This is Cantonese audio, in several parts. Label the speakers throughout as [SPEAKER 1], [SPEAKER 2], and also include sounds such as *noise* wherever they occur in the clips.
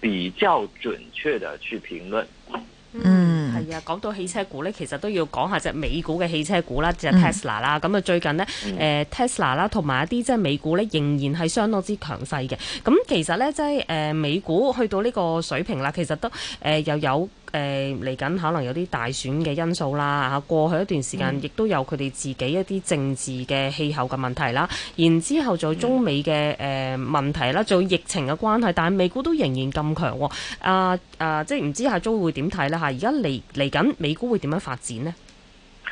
[SPEAKER 1] 比較準確嘅去評論，嗯，
[SPEAKER 2] 係啊，講到汽車股咧，其實都要講下隻美股嘅汽車股啦，隻、就是、Tesla 啦，咁、嗯、啊最近呢誒、呃、Tesla 啦，同埋一啲即係美股咧，仍然係相當之強勢嘅，咁其實咧即係誒美股去到呢個水平啦，其實都誒、呃、又有。誒、呃，嚟緊可能有啲大選嘅因素啦，吓過去一段時間亦都有佢哋自己一啲政治嘅氣候嘅問題啦，然之後就中美嘅誒、嗯呃、問題啦，就疫情嘅關係，但係美股都仍然咁強、喔，阿、啊、阿、啊、即係唔知阿周會點睇咧吓，而家嚟嚟緊美股會點樣發展呢？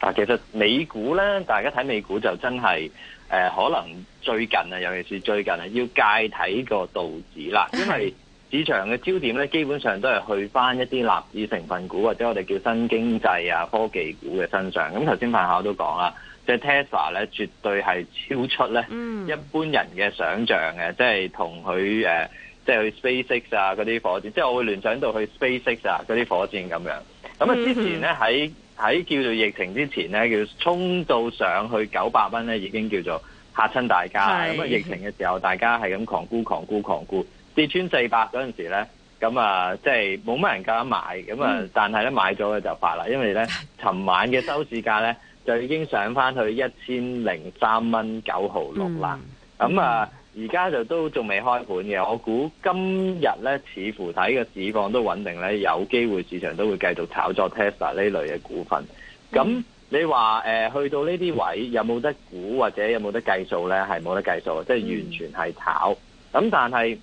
[SPEAKER 1] 嗱，其實美股咧，大家睇美股就真係誒、呃，可能最近啊，尤其是最近啊，要戒睇個道指啦，因爲。市場嘅焦點咧，基本上都係去翻一啲納指成分股或者我哋叫新經濟啊科技股嘅身上。咁頭先飯後都講啦，即係 Tesla 咧，絕對係超出咧一般人嘅想像嘅，即係同佢即係去 SpaceX 啊嗰啲火箭，即係我會聯想到去 SpaceX 啊嗰啲火箭咁樣。咁啊，之前咧喺喺叫做疫情之前咧，叫衝到上去九百蚊咧，已經叫做嚇親大家。咁啊，疫情嘅時候，大家係咁狂沽狂沽狂沽。跌穿四百嗰陣時咧，咁啊，即係冇乜人夠膽買，咁啊，但係咧買咗嘅就發啦，因為咧，尋晚嘅收市價咧就已經上翻去一千零三蚊九毫六啦。咁、嗯嗯、啊，而家就都仲未開盤嘅，我估今日咧，似乎睇個市況都穩定咧，有機會市場都會繼續炒作 Tesla 呢類嘅股份。咁、嗯、你話、呃、去到呢啲位有冇得估或者有冇得計數咧？係冇得計數，即、就、係、是、完全係炒。咁但係。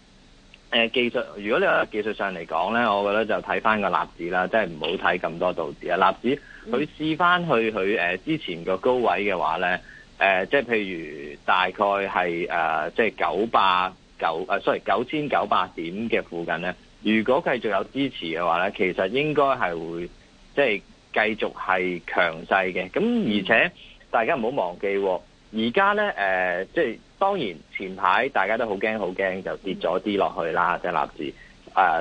[SPEAKER 1] 誒、呃、技術，如果你話技術上嚟講咧，我覺得就睇翻個納指啦，即係唔好睇咁多道指啊。納指佢試翻去佢之前個高位嘅話咧，誒、呃、即係譬如大概係誒即係九百九誒，sorry，九千九百點嘅附近咧，如果繼續有支持嘅話咧，其實應該係會即係繼續係強勢嘅。咁而且、嗯、大家唔好忘記、啊，而家咧誒即係。當然，前排大家都好驚，好驚就跌咗啲落去啦，即係納指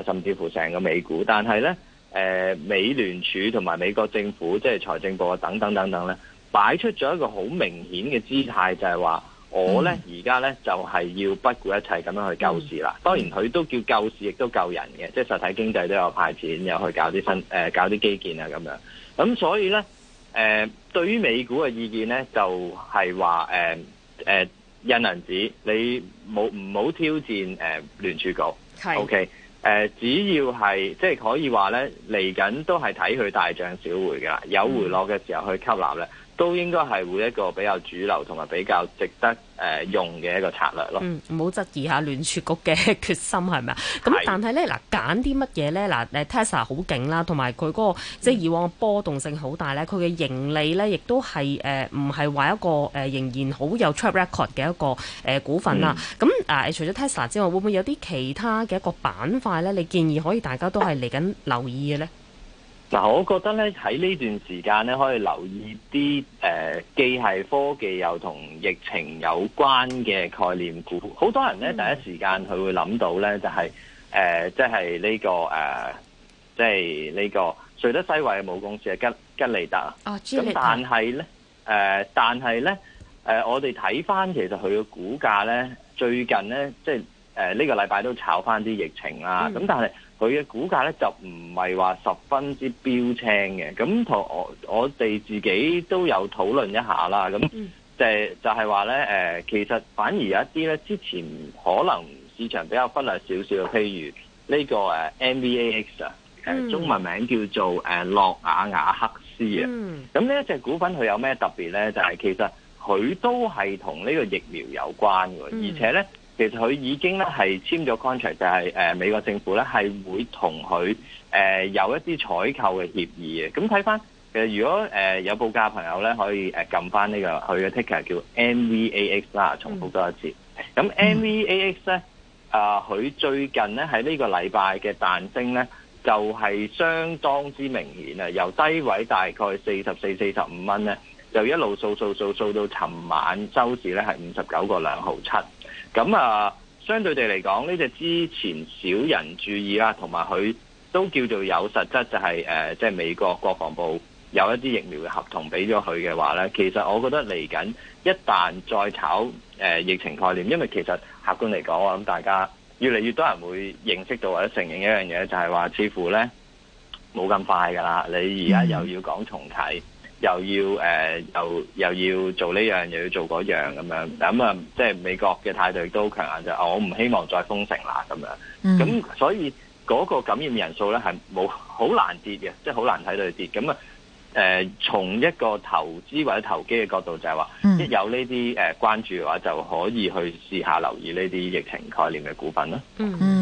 [SPEAKER 1] 甚至乎成個美股。但係呢、呃，美聯儲同埋美國政府，即係財政部啊，等等等等呢，擺出咗一個好明顯嘅姿態，就係、是、話我呢而家呢，就係、是、要不顧一切咁樣去救市啦。當然佢都叫救市，亦都救人嘅，即係實體經濟都有派錢，又去搞啲新、呃、搞啲基建啊，咁樣咁。所以呢，誒、呃，對於美股嘅意見呢，就係、是、話印銀紙，你冇唔好挑戰誒、呃、聯儲局。OK，誒只要係即係可以話咧，嚟緊都係睇佢大漲小回㗎啦，有回落嘅時候去吸納咧。都應該係會一個比較主流同埋比較值得誒、呃、用嘅一個策略咯。
[SPEAKER 2] 嗯，唔好質疑一下聯儲局嘅決心係咪啊？咁但係咧嗱，揀啲乜嘢咧嗱？誒，Tesla 好勁啦，同埋佢嗰個即係以往波動性好大咧，佢、嗯、嘅盈利咧亦都係誒唔係話一個誒、呃、仍然好有 track record 嘅一個誒股份啦。咁、嗯、誒、呃、除咗 Tesla 之外，會唔會有啲其他嘅一個板塊咧？你建議可以大家都係嚟緊留意嘅咧？ *laughs*
[SPEAKER 1] 嗱，我覺得咧喺呢在這段時間咧，可以留意啲誒既係科技又同疫情有關嘅概念股。好多人咧、嗯、第一時間佢會諗到咧，就係、是、誒，即係呢個誒，即係呢個瑞德西韋嘅母公司啊吉吉利達啊。哦，咁但係咧，誒、哦，但係咧，誒、呃呃，我哋睇返其實佢嘅股價咧，最近咧，即係。誒、呃、呢、這個禮拜都炒翻啲疫情啦，咁、嗯、但係佢嘅股價咧就唔係話十分之標青嘅。咁同我我哋自己都有討論一下啦。咁就係嗯、就係話咧其實反而有一啲咧之前可能市場比較忽略少少，譬如呢、這個 NVAX、
[SPEAKER 3] uh, 啊、嗯，中文
[SPEAKER 1] 名叫做誒諾、uh, 瓦瓦克斯啊。咁呢一隻股份佢有咩特別咧？就係、是、其實佢都係同呢個疫苗有關嘅、嗯，而且咧。其實佢已經咧係簽咗 contract，就係誒美國政府咧係會同佢誒有一啲採購嘅協議嘅。咁睇翻其實，如果誒有報價朋友咧，可以誒撳翻呢個佢嘅 ticker 叫 MVAX 啦，重複多一次。咁 MVAX 咧啊，佢最近咧喺呢個禮拜嘅彈升咧就係、是、相當之明顯啊，由低位大概四十四四十五蚊咧，就一路掃掃掃掃到尋晚收市咧係五十九個兩毫七。咁啊，相對地嚟講呢隻之前少人注意啦、啊，同埋佢都叫做有實質、就是呃，就係誒即係美國國防部有一啲疫苗嘅合同俾咗佢嘅話咧，其實我覺得嚟緊一旦再炒誒、呃、疫情概念，因為其實客觀嚟講，我諗大家越嚟越多人會認識到或者承認一樣嘢，就係、是、話似乎咧冇咁快噶啦，你而家又要講重啟。嗯。又要誒、呃、又又要做呢樣又要做嗰樣咁樣，咁啊、嗯、即係美國嘅態度都強硬就，我唔希望再封城啦咁樣。咁、嗯、所以嗰個感染人數咧係冇好難跌嘅，即係好難睇到佢跌。咁啊誒，從一個投資或者投機嘅角度就，就係話一有呢啲誒關注嘅話，就可以去試下留意呢啲疫情概念嘅股份啦。嗯。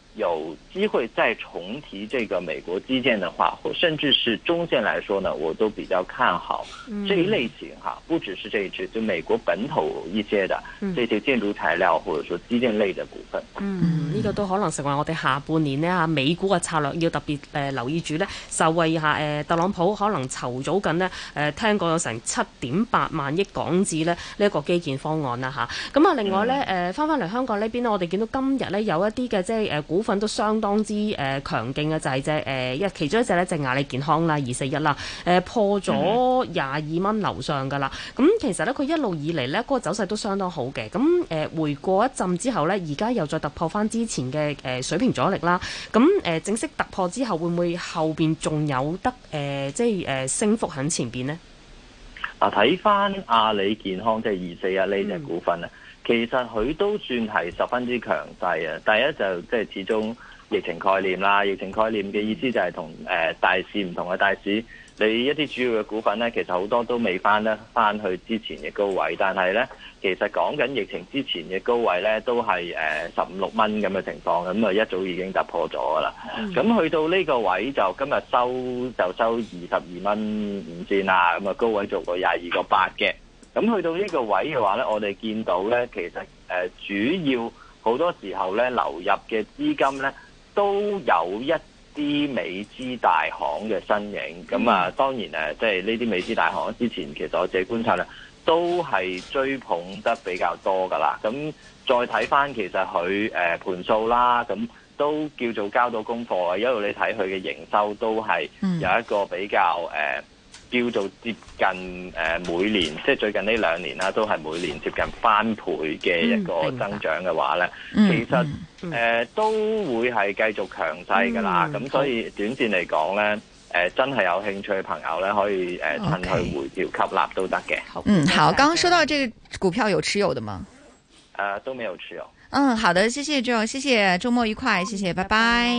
[SPEAKER 1] 有機會再重提這個美國基建的話，或甚至是中線來說呢，我都比較看好這一類型哈、嗯，不只是這一支，就美國本土一些的這些建築材料或者說基建類的股份。
[SPEAKER 2] 嗯，呢、嗯這個都可能成為我哋下半年呢吓美股嘅策略，要特別誒、呃、留意住呢受惠下誒特朗普可能籌早緊呢誒、呃，聽講有成七點八萬億港紙呢一個基建方案啦吓。咁啊，啊，另外呢，誒翻翻嚟香港呢邊呢，我哋見到今日呢，有一啲嘅即係誒股。股份都相當之誒強勁嘅，就係隻誒一，其中一隻咧就係、是、阿利健康啦，二四一啦，誒、呃、破咗廿二蚊樓上噶啦。咁其實咧，佢一路以嚟咧嗰個走勢都相當好嘅。咁誒、呃、回過一陣之後咧，而家又再突破翻之前嘅誒、呃、水平阻力啦。咁誒、呃、正式突破之後，會唔會後邊仲有得誒、呃、即係誒、呃、升幅喺前邊呢？
[SPEAKER 1] 嗱，睇翻阿里健康即係、就是、二四一呢隻股份啊。嗯其實佢都算係十分之強勢啊！第一就即係始終疫情概念啦，疫情概念嘅意思就係同誒大市唔同嘅大市，你一啲主要嘅股份呢，其實好多都未翻呢翻去之前嘅高位，但係呢，其實講緊疫情之前嘅高位呢，都係誒十五六蚊咁嘅情況咁啊，就一早已經突破咗噶啦。咁去到呢個位就今日收就收二十二蚊五仙啦，咁啊高位做過廿二個八嘅。咁去到呢個位嘅話咧，我哋見到咧，其實誒、呃、主要好多時候咧流入嘅資金咧，都有一啲美資大行嘅身影。咁、mm. 啊，當然誒，即係呢啲美資大行之前其實我自己觀察啦，都係追捧得比較多噶啦。咁再睇翻其實佢誒、呃、盤數啦，咁都叫做交到功課啦。一路你睇佢嘅營收都係有一個比較誒。Mm. 呃叫做接近誒、呃、每年，即係最近呢兩年啦，都係每年接近翻倍嘅一個增長嘅話咧、嗯嗯，其實誒、嗯嗯呃、都會係繼續強勢㗎啦。咁、嗯、所以、嗯、短線嚟講咧，誒、呃、真係有興趣嘅朋友咧，可以誒、呃、趁佢回調，吸納都得嘅。嗯，好。剛剛
[SPEAKER 3] 收到呢個股票有持有的嗎？
[SPEAKER 2] 誒、呃，都沒有持有。
[SPEAKER 3] 嗯，好的，謝謝 Jo，謝謝，週末愉快，謝謝，拜拜。